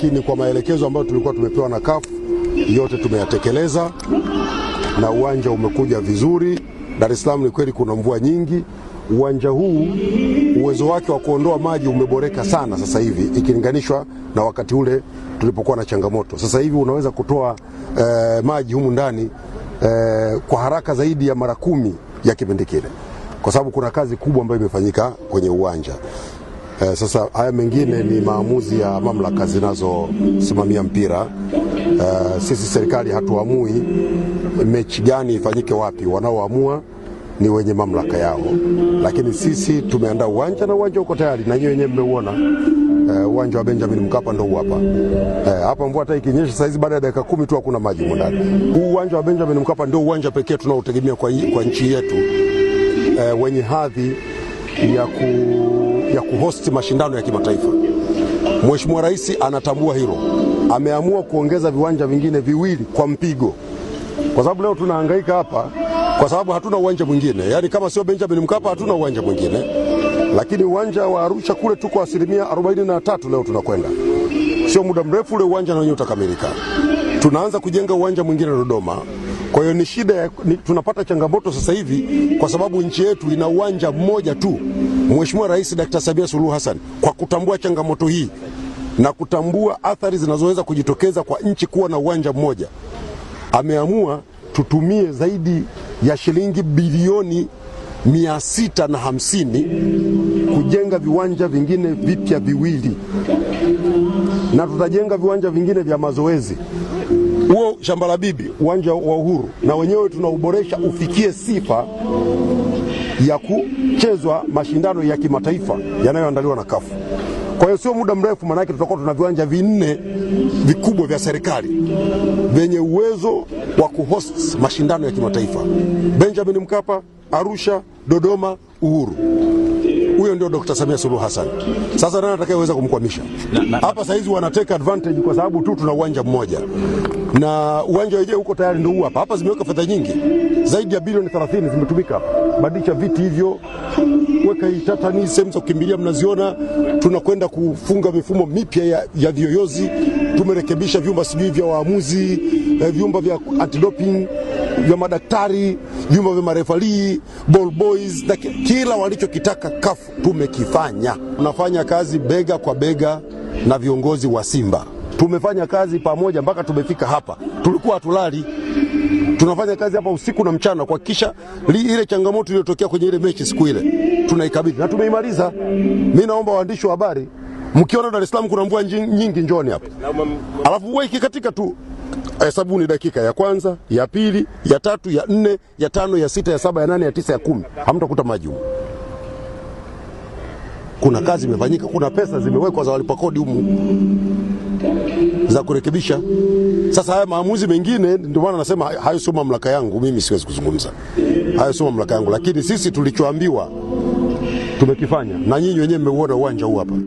lakini kwa maelekezo ambayo tulikuwa tumepewa na CAF yote tumeyatekeleza na uwanja umekuja vizuri. Dar es Salaam ni kweli kuna mvua nyingi. Uwanja huu uwezo wake wa kuondoa maji umeboreka sana sasa hivi ikilinganishwa na wakati ule tulipokuwa na changamoto. Sasa hivi unaweza kutoa eh, maji humu ndani eh, kwa haraka zaidi ya mara kumi ya kipindi kile, kwa sababu kuna kazi kubwa ambayo imefanyika kwenye uwanja. Eh, sasa haya mengine ni maamuzi ya mamlaka zinazosimamia mpira. Eh, sisi serikali hatuamui mechi gani ifanyike wapi, wanaoamua ni wenye mamlaka yao, lakini sisi tumeandaa uwanja na uwanja uko tayari na nyinyi wenyewe mmeuona. Eh, uwanja uh, wa Benjamin Mkapa ndio hapa hapa eh, hapa. mvua hata ikinyesha hizi baada ya dakika kumi tu hakuna maji mundani Huu uwanja wa Benjamin Mkapa ndio uwanja pekee tunaotegemea kwa, kwa nchi yetu uh, wenye hadhi ya, ku, ya kuhosti mashindano ya kimataifa. Mheshimiwa Rais anatambua hilo, ameamua kuongeza viwanja vingine viwili kwa mpigo, kwa sababu leo tunahangaika hapa kwa sababu hatuna uwanja mwingine, yaani kama sio Benjamin Mkapa hatuna uwanja mwingine, lakini uwanja wa Arusha kule tuko asilimia 43 leo tunakwenda, sio muda mrefu ule uwanja na wenyewe utakamilika. Tunaanza kujenga uwanja mwingine Dodoma. Kwa hiyo ni shida tunapata changamoto sasa hivi kwa sababu nchi yetu ina uwanja mmoja tu. Mheshimiwa Rais Dkt. Samia Suluhu Hassan kwa kutambua changamoto hii na kutambua athari zinazoweza kujitokeza kwa nchi kuwa na uwanja mmoja, ameamua tutumie zaidi ya shilingi bilioni mia sita na hamsini kujenga viwanja vingine vipya viwili, na tutajenga viwanja vingine vya mazoezi huo shamba la bibi, uwanja wa Uhuru, na wenyewe tunauboresha ufikie sifa ya kuchezwa mashindano ya kimataifa yanayoandaliwa na kafu. Kwa hiyo sio muda mrefu, maanake tutakuwa tuna viwanja vinne vikubwa vya serikali vyenye uwezo wa kuhost mashindano ya kimataifa: Benjamin Mkapa, Arusha, Dodoma, Uhuru. Huyo ndio Dr. Samia Suluhu Hassan. Sasa nani atakayeweza kumkwamisha hapa? Saizi wanateka advantage kwa sababu tu tuna uwanja mmoja na uwanja wenyewe uko tayari ndio huu hapa. Hapa zimeweka fedha nyingi zaidi ya bilioni 30 zimetumika hapa badilisha viti hivyo, weka hii tatani, sehemu za kukimbilia mnaziona. Tunakwenda kufunga mifumo mipya ya, ya viyoyozi. Tumerekebisha vyumba sijui vya waamuzi, eh, vyumba vya antidoping vya madaktari, vyumba vya marefalii ball boys na kila walichokitaka kafu tumekifanya. Tunafanya kazi bega kwa bega na viongozi wa Simba, tumefanya kazi pamoja mpaka tumefika hapa tulikuwa hatulali, tunafanya kazi hapa usiku na mchana kuhakikisha ile changamoto iliyotokea kwenye ile mechi siku ile tunaikabidhi na tumeimaliza. Mi naomba waandishi wa habari, mkiona Dar es Salaam kuna mvua nyingi, njoni hapa, alafu mvua ikikatika tu hesabuni eh, dakika ya kwanza, ya pili, ya tatu, ya nne, ya tano, ya sita, ya saba, ya nane, ya tisa, ya kumi, hamtakuta maji huko kuna kazi imefanyika, kuna pesa zimewekwa za walipa kodi humu za kurekebisha. Sasa haya maamuzi mengine, ndio maana nasema hayo sio mamlaka yangu, mimi siwezi kuzungumza hayo, sio mamlaka yangu, lakini sisi tulichoambiwa tumekifanya, na nyinyi wenyewe mmeuona uwanja huu hapa.